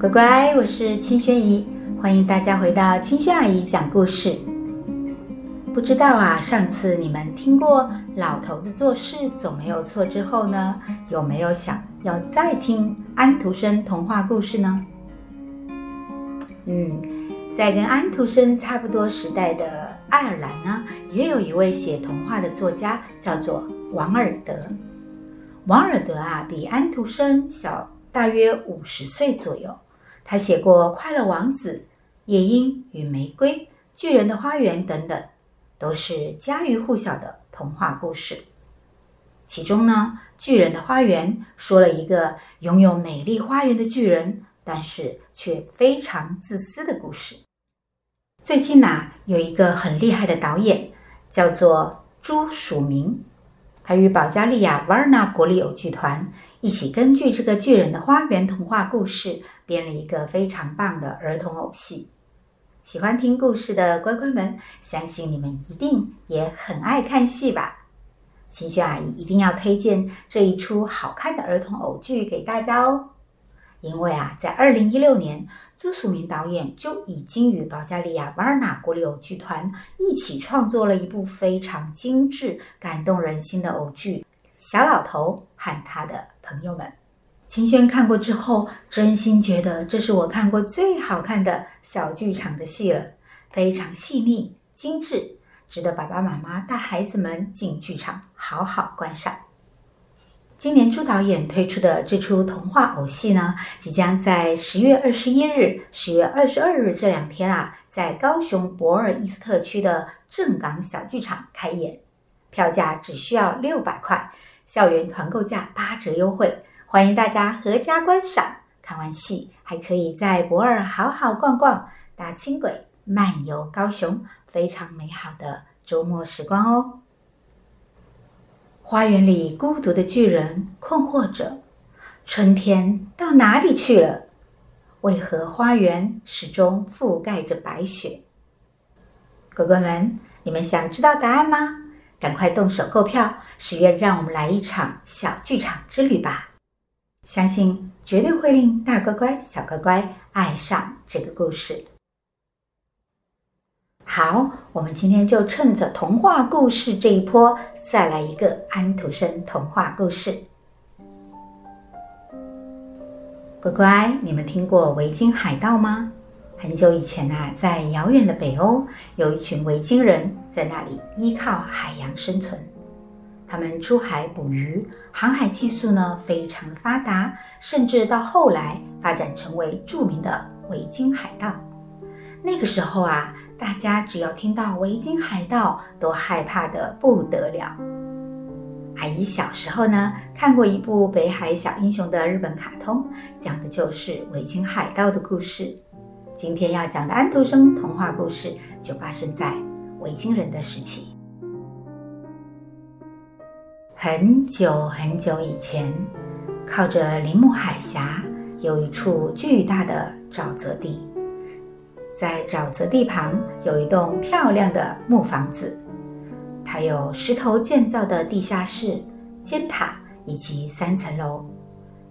乖乖，我是青萱姨，歡迎大家回到青萱阿姨講故事。不知道啊，上次你們聽過“老頭子做事總沒有錯”之後呢，有沒有想要再聽安徒生童話故事呢？嗯，在跟安徒生差不多時代的愛爾蘭呢、啊，也有一位寫童話的作家，叫做王爾德。王爾德啊，比安徒生小大約五十歲左右。他寫過《快樂王子》《夜鶯與玫瑰》《巨人的花園》等等，都是家喻戶曉的童話故事。其中呢，《巨人的花園》說了一個擁有美麗花園的巨人，但是卻非常自私的故事。最近呢、啊，有一個很厲害的導演，叫做朱曙明，他與保加利亞瓦爾納國立偶劇團。一起根據這個巨人的花園童話故事編了一個非常棒的兒童偶戲。喜歡聽故事的乖乖們，相信你們一定也很愛看戲吧？青萱阿姨一定要推薦這一出好看的兒童偶劇給大家哦。因為啊，在二零一六年，朱曙明導演就已經與保加利亞瓦爾納國立偶劇團一起創作了一部非常精致、感動人心的偶劇《小老頭》，和他的。朋友們，青萱看過之後，真心覺得這是我看過最好看的小劇場的戲了，非常細膩精致，值得爸爸媽媽帶孩子們進劇場好好觀賞。今年朱導演推出的這齣童話偶戲呢，即將在十月二十一日、十月二十二日這兩天啊，在高雄駁二藝術特區的正港小劇場開演，票價只需要六百塊。校園團購價八折優惠，歡迎大家闔家觀賞。看完戲還可以在駁二好好逛逛，搭輕軌漫遊高雄，非常美好的周末時光哦。花園裡孤獨的巨人困惑着：春天到哪裡去了？為何花園始終覆蓋着白雪？哥哥們，你們想知道答案嗎？趕快動手購票，十月讓我們來一場小劇場之旅吧！相信絕對會令大乖乖、小乖乖愛上這個故事。好，我們今天就趁着童話故事這一波，再來一個安徒生童話故事。乖乖，你們聽過《維京海盜》嗎？很久以前吶、啊，在遙遠的北歐，有一群維京人在那裡依靠海洋生存。他們出海捕魚，航海技術呢非常的發達，甚至到後來發展成為著名的維京海盜。那個時候啊，大家只要聽到維京海盜，都害怕得不得了。阿姨小時候呢看過一部《北海小英雄》的日本卡通，講的就是維京海盜的故事。今天要講的安徒生童話故事，就發生在維京人的時期。很久很久以前，靠着林木海峽，有一處巨大的沼澤地。在沼澤地旁，有一棟漂亮的木房子，它有石頭建造的地下室、尖塔以及三層樓。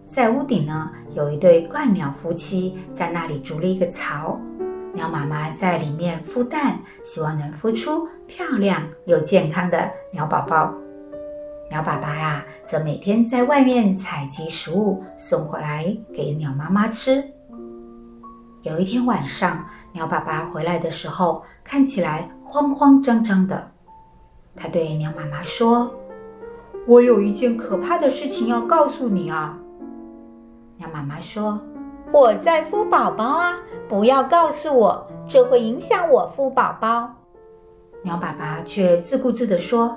在屋頂呢，有一對鸛鳥夫妻在那裡築了一個巢，鳥媽媽在裡面孵蛋，希望能孵出漂亮又健康的鳥寶寶。鳥爸爸呀、啊，則每天在外面採集食物送回來給鳥媽媽吃。有一天晚上，鳥爸爸回來的時候看起來慌慌張張的，他對鳥媽媽說：“我有一件可怕的事情要告訴你啊。”媽媽說：“我在孵寶寶啊，不要告訴我，這會影響我孵寶寶。”鳥爸爸卻自顧自地說：“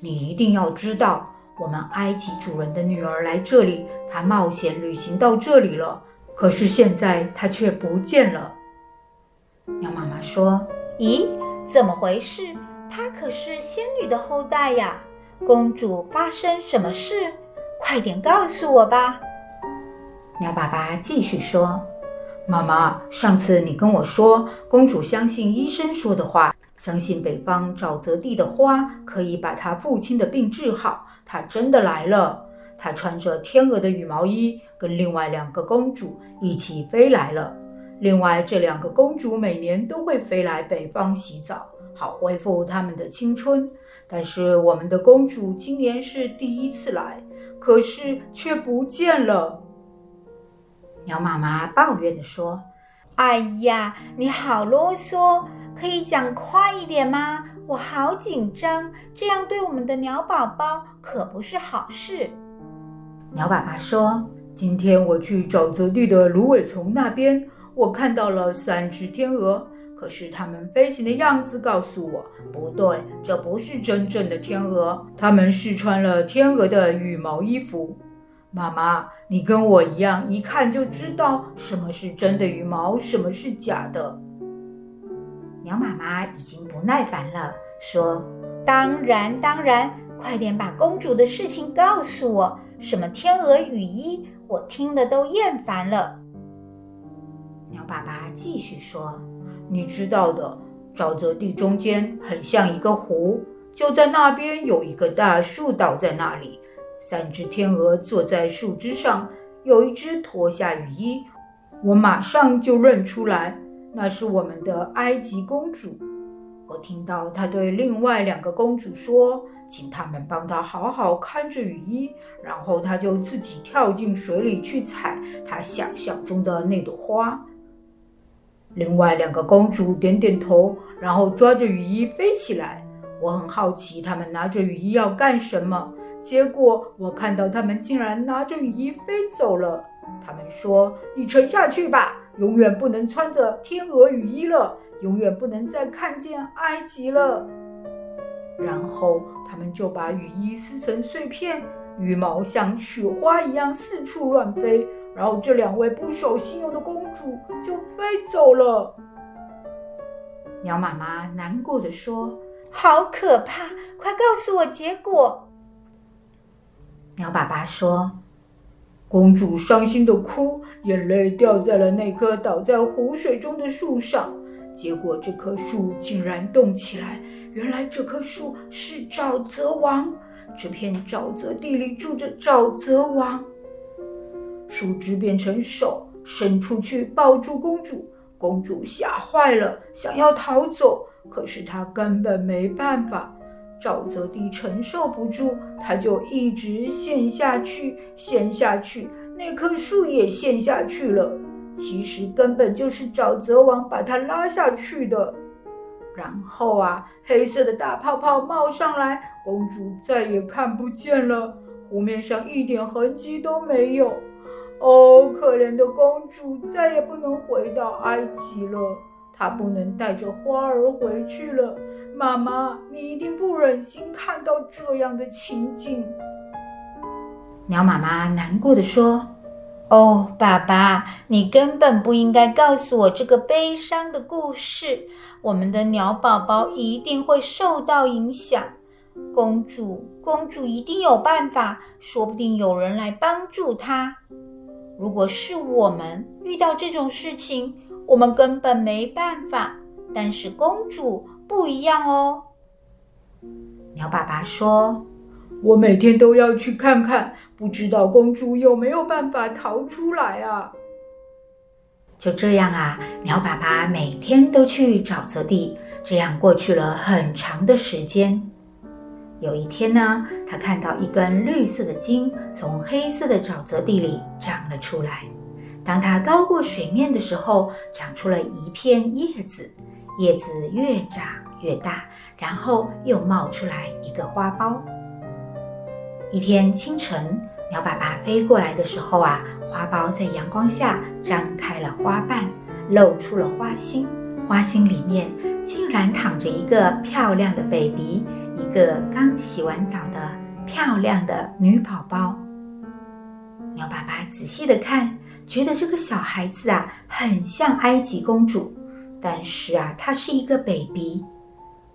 你一定要知道，我們埃及主人的女兒來這裡，她冒險旅行到這裡了，可是現在她卻不見了。”鳥媽媽說：“咦，怎麼回事？她可是仙女的後代呀！公主發生什麼事？快點告訴我吧！”鴨爸爸繼續說：“媽媽，上次你跟我說，公主相信醫生說的話，相信北方沼澤地的花可以把她父親的病治好。她真的來了，她穿着天鵝的羽毛衣，跟另外兩個公主一起飛來了。另外這兩個公主每年都會飛來北方洗澡，好恢復她們的青春。但是我們的公主今年是第一次來，可是卻不見了。”鳥媽媽抱怨地說：“哎呀，你好囉嗦，可以講快一點嗎？我好緊張，這樣對我們的鳥寶寶可不是好事。”鳥爸爸說：“今天我去沼澤地的蘆葦叢那邊，我看到了三隻天鵝，可是它們飛行的樣子告訴我，不對，這不是真正的天鵝，它們是穿了天鵝的羽毛衣服。”媽媽，你跟我一樣，一看就知道什麼是真的羽毛，什麼是假的。鳥媽媽已經不耐煩了，說：“當然，當然，快點把公主的事情告訴我。什麼天鵝羽衣，我聽得都厭煩了。”鳥爸爸繼續說：“你知道的，沼澤地中間很像一個湖，就在那邊有一個大樹倒在那裡。”三隻天鵝坐在樹枝上，有一隻脫下雨衣，我馬上就認出來，那是我們的埃及公主。我聽到她對另外兩個公主說：“請她們幫她好好看着雨衣。”然後她就自己跳進水裡去採她想象中的那朵花。另外兩個公主點點頭，然後抓着雨衣飛起來。我很好奇，他們拿着雨衣要幹什麼？結果我看到他們竟然拿着羽衣飛走了。他們說：“你沉下去吧，永遠不能穿着天鵝羽衣了，永遠不能再看見埃及了。”然後他們就把羽衣撕成碎片，羽毛像雪花一樣四處亂飛。然後這兩位不守信用的公主就飛走了。鳥媽媽難過地說：“好可怕！快告訴我結果。”鳥爸爸說：“公主傷心的哭，眼淚掉在了那棵倒在湖水中的樹上。結果這棵樹竟然動起來。原來這棵樹是沼澤王。這片沼澤地裡住着沼澤王。樹枝變成手，伸出去抱住公主。公主嚇壞了，想要逃走，可是她根本沒辦法。”沼澤地承受不住，它就一直陷下去，陷下去。那棵樹也陷下去了。其實根本就是沼澤王把它拉下去的。然後啊，黑色的大泡泡冒上來，公主再也看不見了。湖面上一點痕跡都沒有。哦，可憐的公主，再也不能回到埃及了。她不能帶着花兒回去了。媽媽，你一定不忍心看到這樣的情景。鳥媽媽難過的說：“哦，爸爸，你根本不應該告訴我這個悲傷的故事。我們的鳥寶寶一定會受到影響。公主，公主一定有辦法，說不定有人來幫助她。如果是我們遇到這種事情，我們根本沒辦法。但是公主……”不一樣哦，鳥爸爸說：“我每天都要去看看，不知道公主有沒有辦法逃出來啊？”就這樣啊，鳥爸爸每天都去沼澤地。這樣過去了很長的時間。有一天呢，他看到一根綠色的莖從黑色的沼澤地裡長了出來。當它高過水面的時候，長出了一片葉子。葉子越長越大，然後又冒出來一個花苞。一天清晨，鳥爸爸飛過來的時候啊，花苞在陽光下張開了花瓣，露出了花心。花心裡面竟然躺着一個漂亮的 baby，一個剛洗完澡的漂亮的女寶寶。鳥爸爸仔細的看，覺得這個小孩子啊，很像埃及公主。但是啊，他是一個 baby。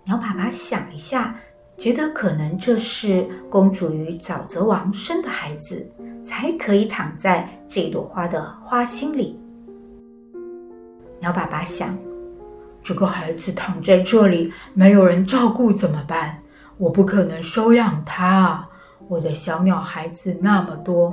鳥爸爸想一下，覺得可能這是公主與沼澤王生的孩子，才可以躺在這朵花的花心裡。鳥爸爸想，這個孩子躺在這裡，沒有人照顧怎麼辦？我不可能收養他啊，我的小鳥孩子那麼多。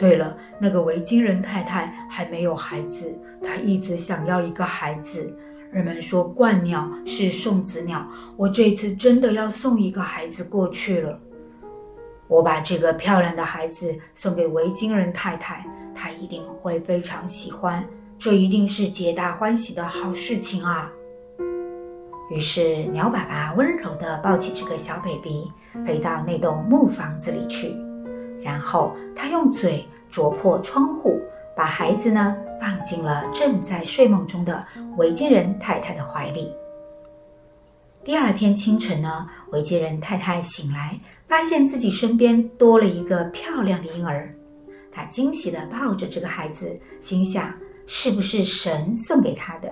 對了，那個維京人太太還沒有孩子，她一直想要一個孩子。人們說鸛鳥是送子鳥，我這次真的要送一個孩子過去了。我把這個漂亮的孩子送給維京人太太，她一定會非常喜歡。這一定是皆大歡喜的好事情啊！於是，鳥爸爸溫柔地抱起這個小 baby，飛到那棟木房子裡去。然後他用嘴啄破窗戶，把孩子呢放進了正在睡夢中的維京人太太的懷裡。第二天清晨呢，維京人太太醒來，發現自己身邊多了一個漂亮的嬰兒，她驚喜地抱着這個孩子，心想是不是神送給她的？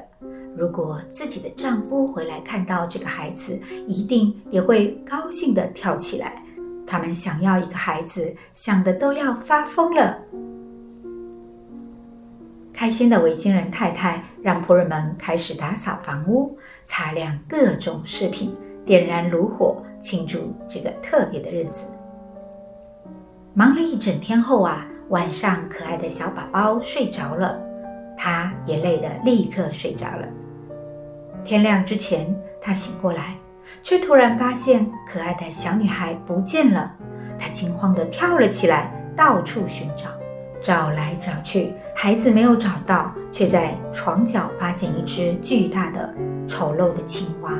如果自己的丈夫回來看到這個孩子，一定也會高興地跳起來。他們想要一個孩子，想的都要發瘋了。開心的維京人太太讓僕人們開始打掃房屋、擦亮各種飾品、點燃爐火，慶祝這個特別的日子。忙了一整天後啊，晚上可愛的小寶寶睡着了，她也累得立刻睡着了。天亮之前，她醒過來。卻突然發現可愛的小女孩不見了，她驚慌地跳了起來，到處尋找，找來找去，孩子沒有找到，卻在床角發現一隻巨大的、醜陋的青蛙。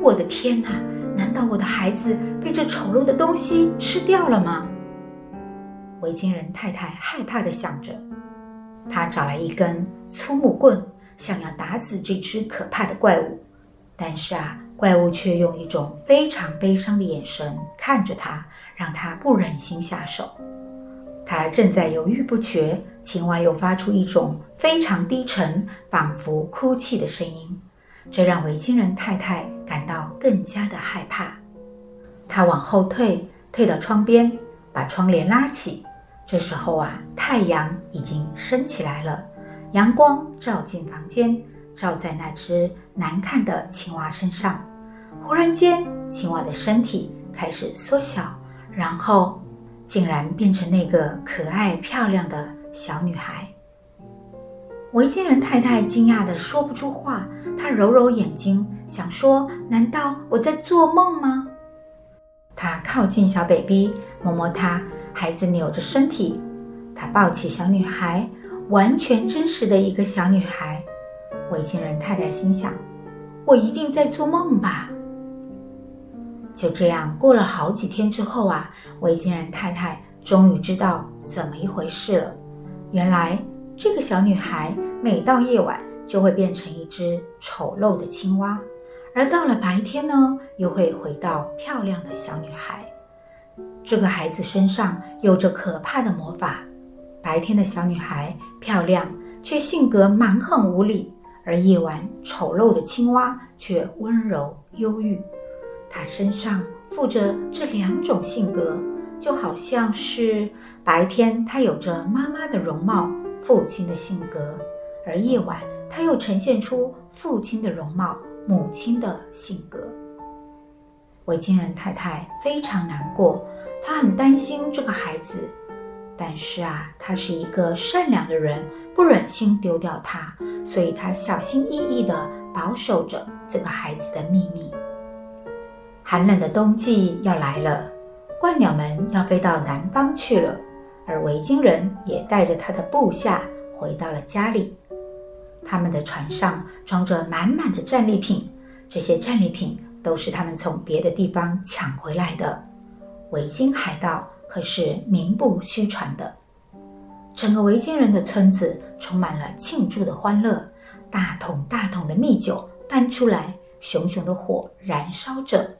我的天哪！難道我的孩子被這醜陋的東西吃掉了嗎？維京人太太害怕地想着，她找來一根粗木棍，想要打死這隻可怕的怪物。但是啊，怪物卻用一種非常悲傷的眼神看着他，讓他不忍心下手。他正在猶豫不決，青蛙又發出一種非常低沉、仿佛哭泣的聲音，這讓維京人太太感到更加的害怕。他往後退，退到窗邊，把窗簾拉起。這時候啊，太陽已經升起來了，陽光照進房間，照在那只。難看的青蛙身上，忽然間，青蛙的身體開始縮小，然後竟然變成那個可愛漂亮的小女孩。維京人太太驚訝的說不出話，她揉揉眼睛，想說：“難道我在做夢嗎？”她靠近小 baby，摸摸她，孩子扭着身體。她抱起小女孩，完全真實的一個小女孩。維京人太太心想：“我一定在做夢吧。”就這樣過了好幾天之後啊，維京人太太終於知道怎麼一回事了。原來這個小女孩每到夜晚就會變成一隻醜陋的青蛙，而到了白天呢，又會回到漂亮的小女孩。這個孩子身上有着可怕的魔法。白天的小女孩漂亮，卻性格蠻橫無理。而夜晚，醜陋的青蛙卻溫柔憂鬱。它身上附着這兩種性格，就好像是白天它有着媽媽的容貌、父親的性格，而夜晚它又呈現出父親的容貌、母親的性格。維京人太太非常難過，她很擔心這個孩子。但是啊，他是一個善良的人，不忍心丟掉他，所以他小心翼翼地保守着這個孩子的秘密。寒冷的冬季要來了，鸛鳥們要飛到南方去了，而維京人也帶着他的部下回到了家裡。他們的船上裝着滿滿的戰利品，這些戰利品都是他們從別的地方搶回來的。維京海盜。可是名不虛傳的，整個維京人的村子充滿了慶祝的歡樂。大桶大桶的蜜酒搬出來，熊熊的火燃燒着。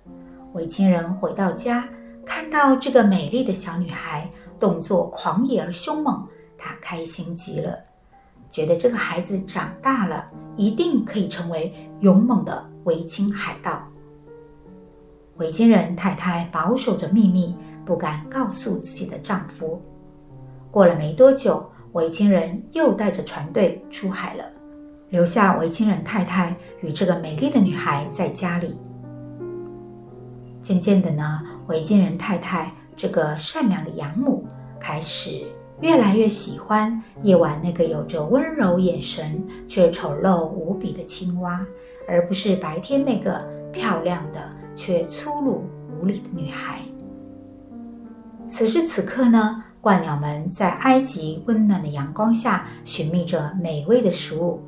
維京人回到家，看到這個美麗的小女孩，動作狂野而凶猛，他開心極了，覺得這個孩子長大了，一定可以成為勇猛的維京海盜。維京人太太保守着秘密。不敢告訴自己的丈夫。過了沒多久，維京人又帶着船隊出海了，留下維京人太太與這個美麗的女孩在家裡。漸漸的呢，維京人太太這個善良的養母開始越來越喜歡夜晚那個有着溫柔眼神卻醜陋無比的青蛙，而不是白天那個漂亮的卻粗魯無禮的女孩。此時此刻呢，鸛鳥們在埃及溫暖的陽光下尋覓着美味的食物。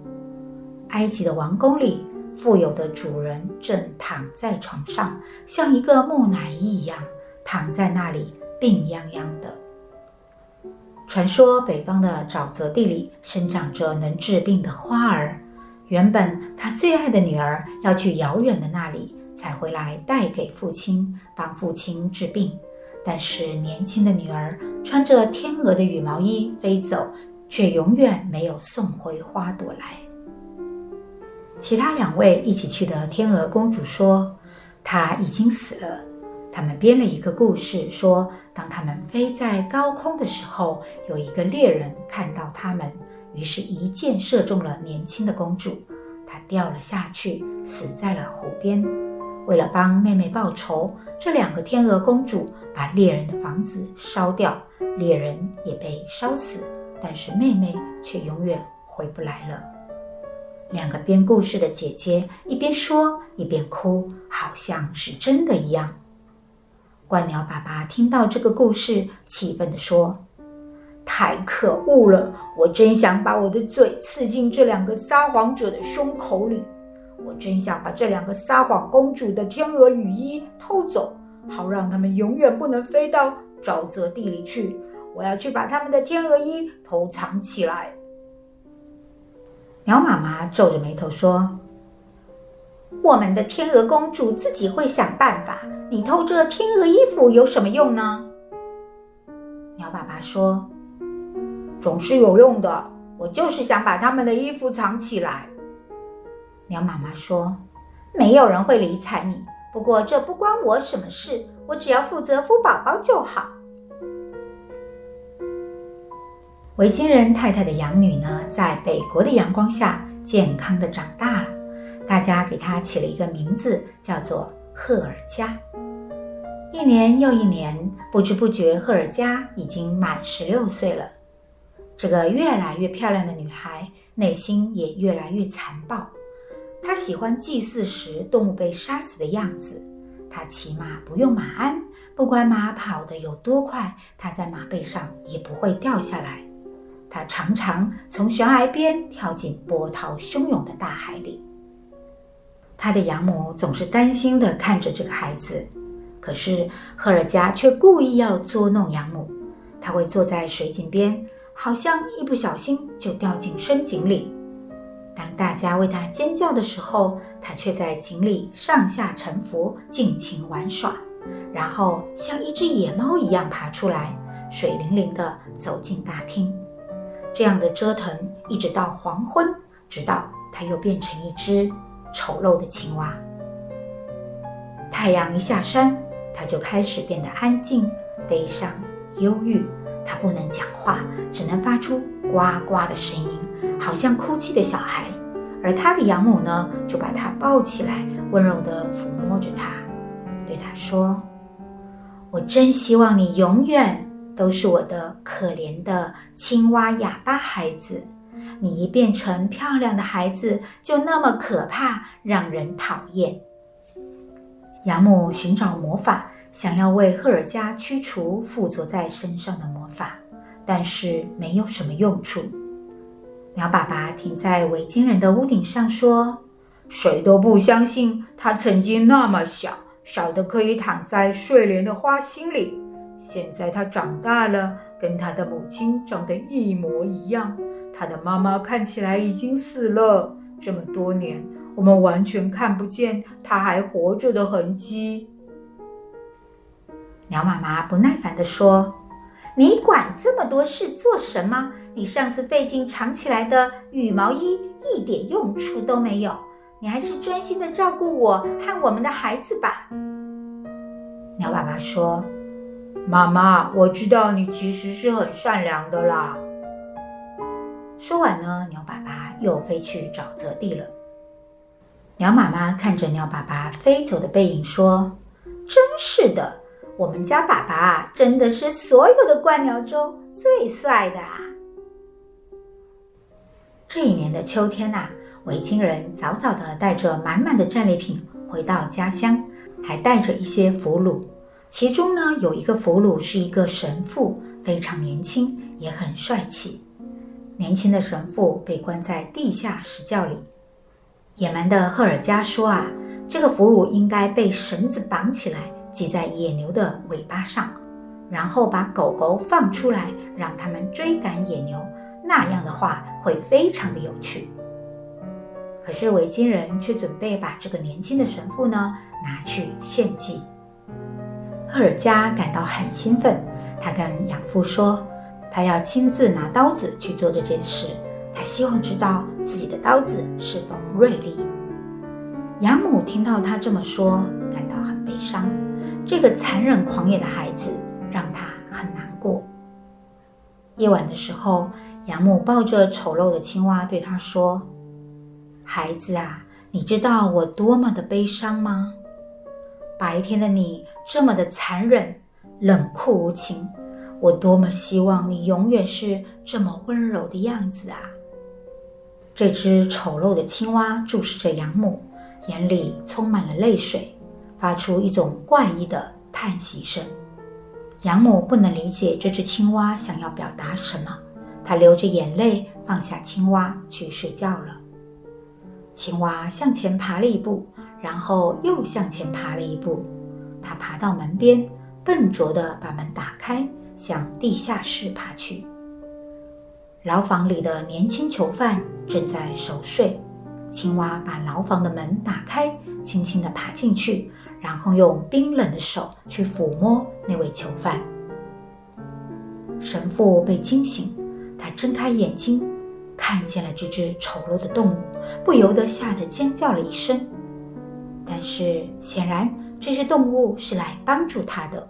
埃及的王宮裡，富有的主人正躺在床上，像一個木乃伊一樣躺在那裡，病怏怏的。傳說北方的沼澤地裡生長着能治病的花兒。原本他最愛的女兒要去遙遠的那裡採回來帶給父親，幫父親治病。但是年輕的女兒穿着天鵝的羽毛衣飛走，卻永遠沒有送回花朵來。其他兩位一起去的天鵝公主說，她已經死了。他們編了一個故事，說當他們飛在高空的時候，有一個獵人看到他們，於是一箭射中了年輕的公主，她掉了下去，死在了湖邊。為了幫妹妹報仇，這兩個天鵝公主把獵人的房子燒掉，獵人也被燒死，但是妹妹卻永遠回不來了。兩個編故事的姐姐一邊說一邊哭，好像是真的一樣。鸛鳥爸爸聽到這個故事，氣憤地說：“太可惡了！我真想把我的嘴刺進這兩個撒謊者的胸口裡。”我真想把這兩個撒謊公主的天鵝羽衣偷走，好讓他們永遠不能飛到沼澤地裡去。我要去把他們的天鵝衣偷藏起來。鳥媽媽皺着眉頭說：“我們的天鵝公主自己會想辦法，你偷這天鵝衣服有什麼用呢？”鳥爸爸說：“總是有用的，我就是想把他們的衣服藏起來。”鳥媽媽說：“沒有人會理睬你，不過這不關我什麼事，我只要負責孵寶寶就好。”維京人太太的養女呢，在北國的陽光下健康的長大了，大家給她起了一個名字，叫做赫爾加。一年又一年，不知不覺，赫爾加已經滿十六歲了。這個越來越漂亮的女孩，內心也越來越殘暴。他喜歡祭祀時動物被殺死的樣子。他騎馬不用馬鞍，不管馬跑得有多快，他在馬背上也不會掉下來。他常常從懸崖邊跳進波濤洶湧的大海裡。他的養母總是擔心的看着這個孩子，可是赫爾加卻故意要捉弄養母。他會坐在水井邊，好像一不小心就掉進深井裡。當大家為他尖叫的時候，他卻在井裡上下沉浮，盡情玩耍，然後像一隻野貓一樣爬出來，水靈靈的走進大廳。這樣的折騰一直到黃昏，直到他又變成一隻醜陋的青蛙。太陽一下山，他就開始變得安靜、悲傷、憂鬱，他不能講話，只能發出呱呱的聲音。好像哭泣的小孩，而他的養母呢，就把他抱起來，溫柔地撫摸着他，對他說：“我真希望你永遠都是我的可憐的青蛙啞巴孩子。你一變成漂亮的孩子，就那麼可怕，讓人討厭。”養母尋找魔法，想要為赫爾加驅除附着在身上的魔法，但是沒有什麼用處。鳥爸爸停在維京人的屋頂上說：“誰都不相信他曾經那麼小小的，小得可以躺在睡蓮的花心裡。現在他長大了，跟他的母親長得一模一樣。他的媽媽看起來已經死了這麼多年，我們完全看不見他還活着的痕跡。”鳥媽媽不耐煩地說：“你管這麼多事做什麼？”你上次費勁藏起來的羽毛衣一點用處都沒有，你還是專心的照顧我和我們的孩子吧。鳥爸爸說：“媽媽，我知道你其實是很善良的啦。”說完呢，鳥爸爸又飛去沼澤地了。鳥媽媽看着鳥爸爸飛走的背影說：“真是的，我們家爸爸真的是所有的鸛鳥中最帥的啊。”這一年的秋天吶、啊，維京人早早地帶着滿滿的戰利品回到家鄉，還帶着一些俘虜。其中呢，有一個俘虜是一個神父，非常年輕，也很帥氣。年輕的神父被關在地下石窖裡。野蠻的赫爾加說啊，這個俘虜應該被繩子綁起來，繫在野牛的尾巴上，然後把狗狗放出來，讓他們追趕野牛。那樣的話，會非常的有趣，可是維京人卻準備把這個年輕的神父呢拿去獻祭。赫爾加感到很興奮，他跟養父說，他要親自拿刀子去做這件事。他希望知道自己的刀子是否銳利。養母聽到他這麼說，感到很悲傷。這個殘忍狂野的孩子讓他很難過。夜晚的時候。養母抱着醜陋的青蛙對她說：“孩子啊，你知道我多麼的悲傷嗎？白天的你這麼的殘忍、冷酷無情，我多麼希望你永遠是這麼溫柔的樣子啊！”這只醜陋的青蛙注視着養母，眼裡充滿了淚水，發出一種怪異的嘆息聲。養母不能理解這只青蛙想要表達什麼。他流着眼淚，放下青蛙去睡覺了。青蛙向前爬了一步，然後又向前爬了一步。他爬到門邊，笨拙地把門打開，向地下室爬去。牢房裡的年輕囚犯正在熟睡。青蛙把牢房的門打開，輕輕地爬進去，然後用冰冷的手去撫摸那位囚犯。神父被驚醒。他睜開眼睛，看見了這隻醜陋的動物，不由得嚇得尖叫了一聲。但是顯然，這隻動物是來幫助他的。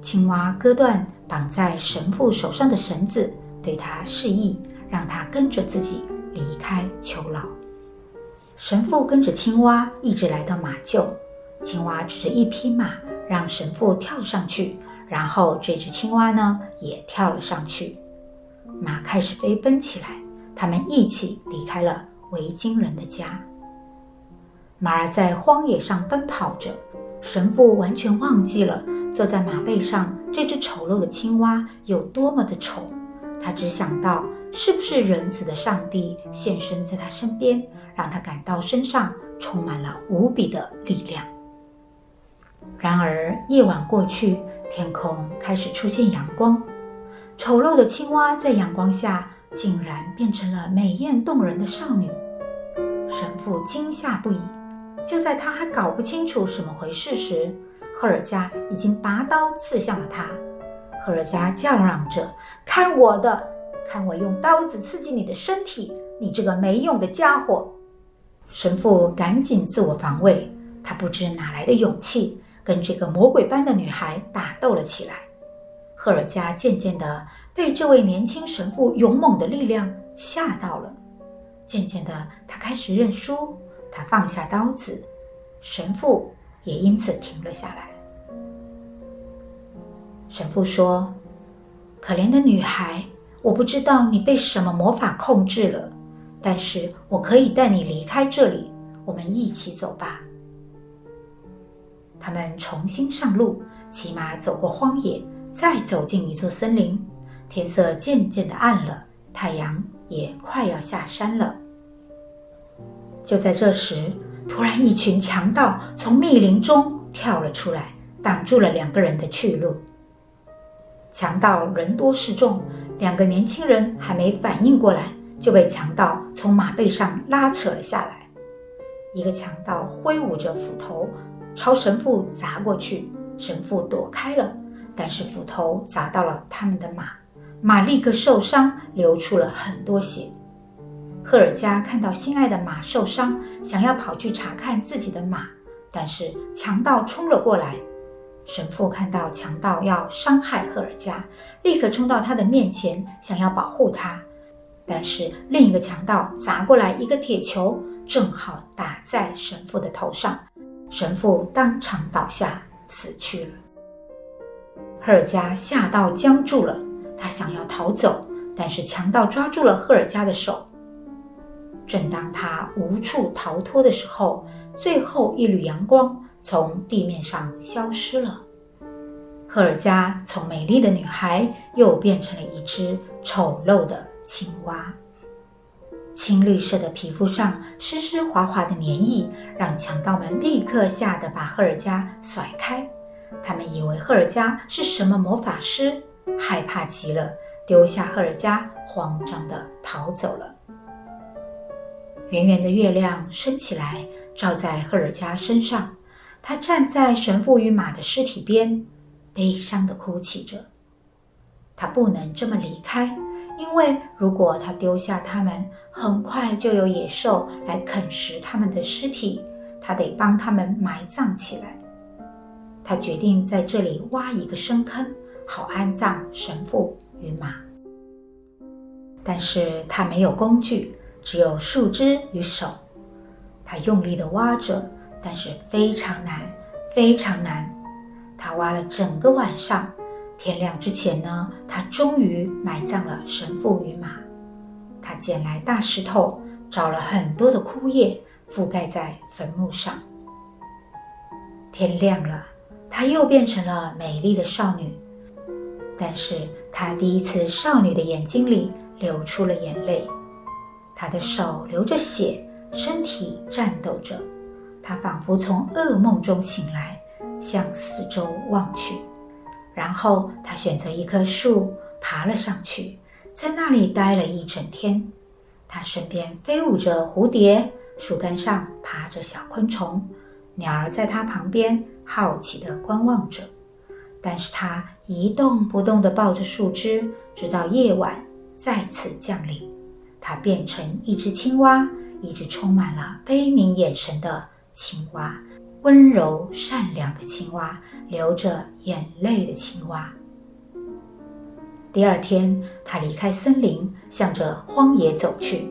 青蛙割斷綁在神父手上的繩子，對他示意，讓他跟着自己離開囚牢。神父跟着青蛙一直來到馬廄，青蛙指着一匹馬，讓神父跳上去，然後這隻青蛙呢也跳了上去。馬開始飛奔起來，他們一起離開了維京人的家。馬兒在荒野上奔跑着，神父完全忘記了坐在馬背上這隻醜陋的青蛙有多麼的醜，他只想到是不是仁慈的上帝現身在他身邊，讓他感到身上充滿了無比的力量。然而，夜晚過去，天空開始出現陽光。醜陋的青蛙在陽光下竟然變成了美艷動人的少女，神父驚嚇不已。就在他還搞不清楚什麼回事時，赫爾加已經拔刀刺向了他。赫爾加叫嚷着：“看我的，看我用刀子刺激你的身體，你這個沒用的家伙！”神父趕緊自我防衛，他不知哪來的勇氣，跟這個魔鬼般的女孩打鬥了起來。赫爾加漸漸的被這位年輕神父勇猛的力量嚇到了，漸漸的，他開始認輸，他放下刀子，神父也因此停了下來。神父說：“可憐的女孩，我不知道你被什麼魔法控制了，但是我可以帶你離開這裡，我們一起走吧。”他們重新上路，騎馬走過荒野。再走進一座森林，天色漸漸的暗了，太陽也快要下山了。就在這時，突然一群強盜從密林中跳了出來，擋住了兩個人的去路。強盜人多勢眾，兩個年輕人還沒反應過來，就被強盜從馬背上拉扯了下來。一個強盜揮舞着斧頭朝神父砸過去，神父躲開了。但是斧頭砸到了他們的馬，馬立刻受傷，流出了很多血。赫爾加看到心愛的馬受傷，想要跑去查看自己的馬，但是強盜衝了過來。神父看到強盜要傷害赫爾加，立刻衝到他的面前想要保護他，但是另一個強盜砸過來一個鐵球，正好打在神父的頭上，神父當場倒下死去了。赫爾加嚇到僵住了，他想要逃走，但是強盜抓住了赫爾加的手。正當他無處逃脫的時候，最後一縷陽光從地面上消失了。赫爾加從美麗的女孩又變成了一隻醜陋的青蛙。青綠色的皮膚上濕濕滑滑的黏液，讓強盜們立刻嚇得把赫爾加甩開。他們以為赫爾加是什麼魔法師，害怕極了，丟下赫爾加，慌張地逃走了。圓圓的月亮升起來，照在赫爾加身上。他站在神父與馬的屍體邊，悲傷地哭泣着。他不能這麼離開，因為如果他丟下他們，很快就有野獸來啃食他們的屍體。他得幫他們埋葬起來。他決定在這裡挖一個深坑，好安葬神父與馬。但是他沒有工具，只有樹枝與手。他用力的挖着，但是非常難，非常難。他挖了整個晚上，天亮之前呢，他終於埋葬了神父與馬。他撿來大石頭，找了很多的枯葉，覆蓋在墳墓上。天亮了。她又變成了美麗的少女，但是她第一次，少女的眼睛裡流出了眼淚，她的手流着血，身體顫抖着，她仿佛從噩夢中醒來，向四周望去，然後她選擇一棵樹爬了上去，在那裡待了一整天，她身邊飛舞着蝴蝶，樹幹上爬着小昆蟲。鳥兒在它旁邊好奇的觀望着，但是它一動不動地抱着樹枝，直到夜晚再次降臨。它變成一隻青蛙，一隻充滿了悲憫眼神的青蛙，溫柔善良的青蛙，流着眼淚的青蛙。第二天，它離開森林，向着荒野走去。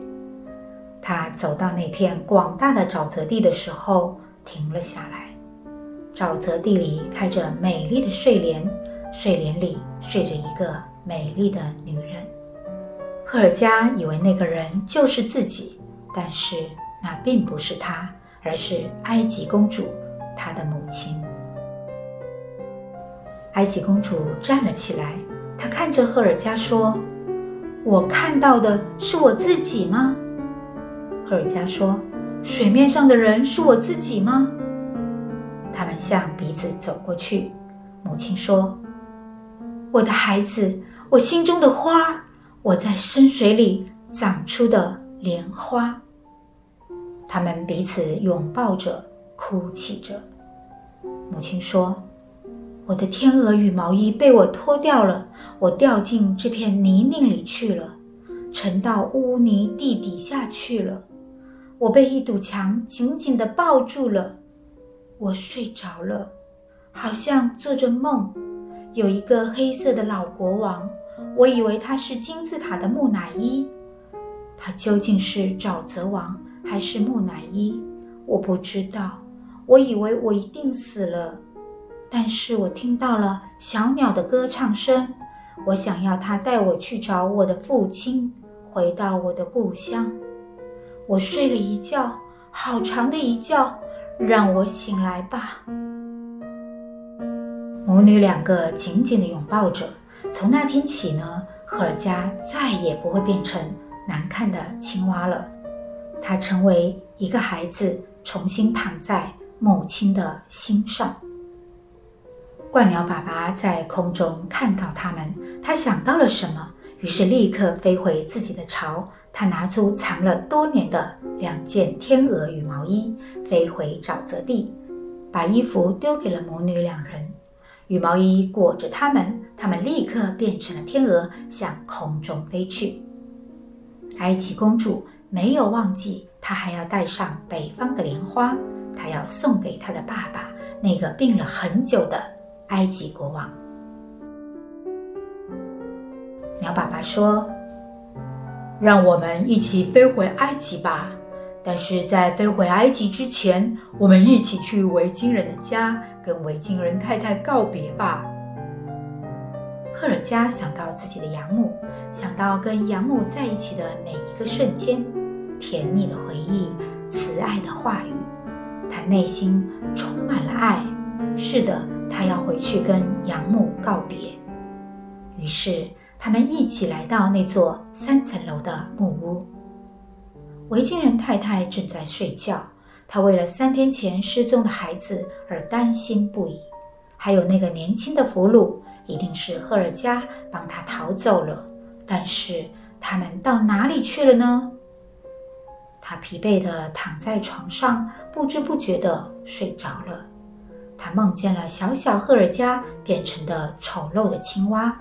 它走到那片廣大的沼澤地的時候，停了下來。沼澤地裡開着美麗的睡蓮，睡蓮裡睡着一個美麗的女人。赫爾加以為那個人就是自己，但是那並不是她，而是埃及公主，她的母親。埃及公主站了起來，她看着赫爾加說：“我看到的是我自己嗎？”赫爾加說。水面上的人是我自己嗎？他們向彼此走過去。母親說：“我的孩子，我心中的花，我在深水裡長出的蓮花。”他們彼此擁抱着，哭泣着。母親說：“我的天鵝羽毛衣被我脫掉了，我掉進這片泥濘裡去了，沉到汙泥地底下去了。”我被一堵牆緊緊地抱住了，我睡着了，好像做着夢。有一個黑色的老國王，我以為他是金字塔的木乃伊。他究竟是沼澤王還是木乃伊？我不知道。我以為我一定死了，但是我聽到了小鳥的歌唱聲。我想要他帶我去找我的父親，回到我的故鄉。我睡了一覺，好長的一覺，讓我醒來吧。母女兩個緊緊地擁抱着。從那天起呢，赫爾加再也不會變成難看的青蛙了，她成為一個孩子，重新躺在母親的心上。鸛鳥爸爸在空中看到它們，他想到了什麼，於是立刻飛回自己的巢。他拿出藏了多年的兩件天鵝羽毛衣，飛回沼澤地，把衣服丟給了母女兩人。羽毛衣裹着他們，他們立刻變成了天鵝，向空中飛去。埃及公主沒有忘記，她還要帶上北方的蓮花，她要送給她的爸爸，那個病了很久的埃及國王。鳥爸爸說。讓我們一起飛回埃及吧，但是在飛回埃及之前，我們一起去維京人的家，跟維京人太太告別吧。赫爾加想到自己的養母，想到跟養母在一起的每一個瞬間，甜蜜的回憶，慈愛的話語，她內心充滿了愛。是的，她要回去跟養母告別。於是。他們一起來到那座三層樓的木屋，維京人太太正在睡覺。她為了三天前失蹤的孩子而擔心不已，還有那個年輕的俘虜，一定是赫爾加幫他逃走了。但是他們到哪裡去了呢？她疲憊地躺在床上，不知不覺地睡着了。她夢見了小小赫爾加變成的醜陋的青蛙。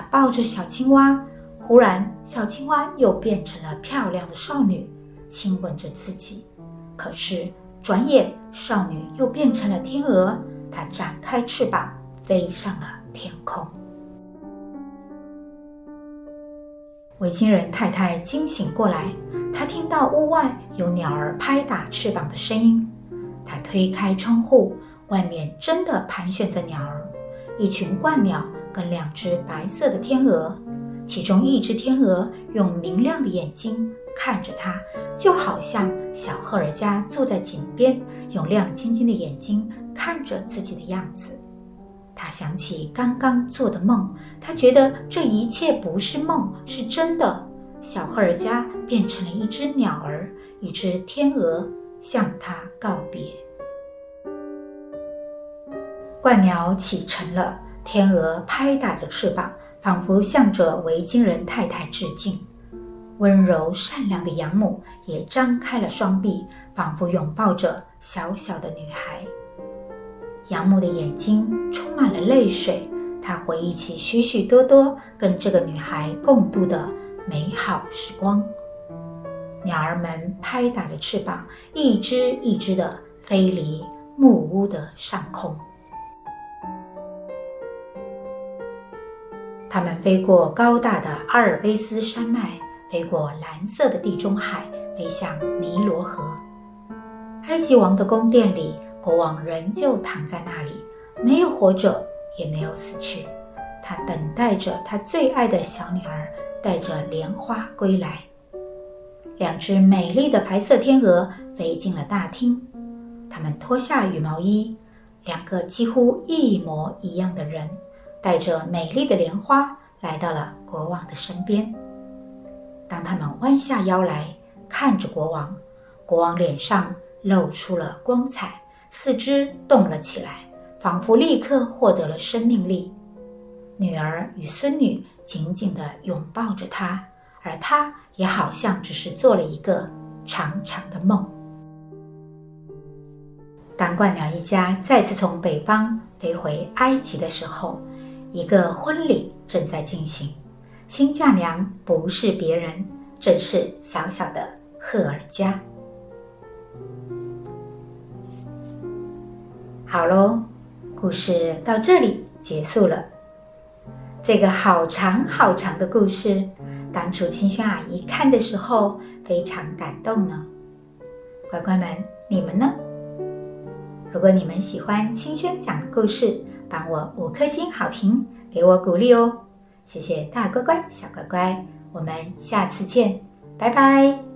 他抱着小青蛙，忽然，小青蛙又變成了漂亮的少女，親吻着自己。可是，轉眼，少女又變成了天鵝，它展開翅膀，飛上了天空。維京人太太驚醒過來，她聽到屋外有鳥兒拍打翅膀的聲音。她推開窗戶，外面真的盤旋着鳥兒，一群鸛鳥。和兩隻白色的天鵝，其中一只天鵝用明亮的眼睛看着他，就好像小赫爾加坐在井邊，用亮晶晶的眼睛看着自己的樣子。他想起剛剛做的夢，他覺得這一切不是夢，是真的。小赫爾加變成了一只鳥兒，一只天鵝，向他告別。鸛鳥啟程了。天鵝拍打着翅膀，仿佛向着維京人太太致敬。溫柔善良的養母也張開了雙臂，仿佛擁抱着小小的女孩。養母的眼睛充滿了淚水，她回憶起許許多多跟這個女孩共度的美好時光。鳥兒們拍打着翅膀，一隻一隻地飛離木屋的上空。他們飛過高大的阿爾卑斯山脈，飛過藍色的地中海，飛向尼羅河。埃及王的宮殿裡，國王仍舊躺在那裡，沒有活着，也沒有死去。他等待着他最愛的小女兒帶着蓮花歸來。兩只美麗的白色天鵝飛進了大廳。他們脫下羽毛衣，兩個幾乎一模一樣的人。帶着美麗的蓮花來到了國王的身邊，當他們彎下腰來看着國王，國王臉上露出了光彩，四肢動了起來，仿佛立刻獲得了生命力。女兒與孫女緊緊地擁抱着他，而他也好像只是做了一個長長的夢。當鸛鳥一家再次從北方飛回埃及的時候，一個婚禮，正在進行，新嫁娘不是別人，正是小小的赫爾加。好嘍，故事到這裡結束了。這個好長好長的故事，當初青萱阿姨看的時候非常感動呢。乖乖們，你們呢？如果你們喜歡青萱講的故事，幫我五顆星好評，給我鼓勵哦。謝謝大乖乖、小乖乖，我們下次見，拜拜。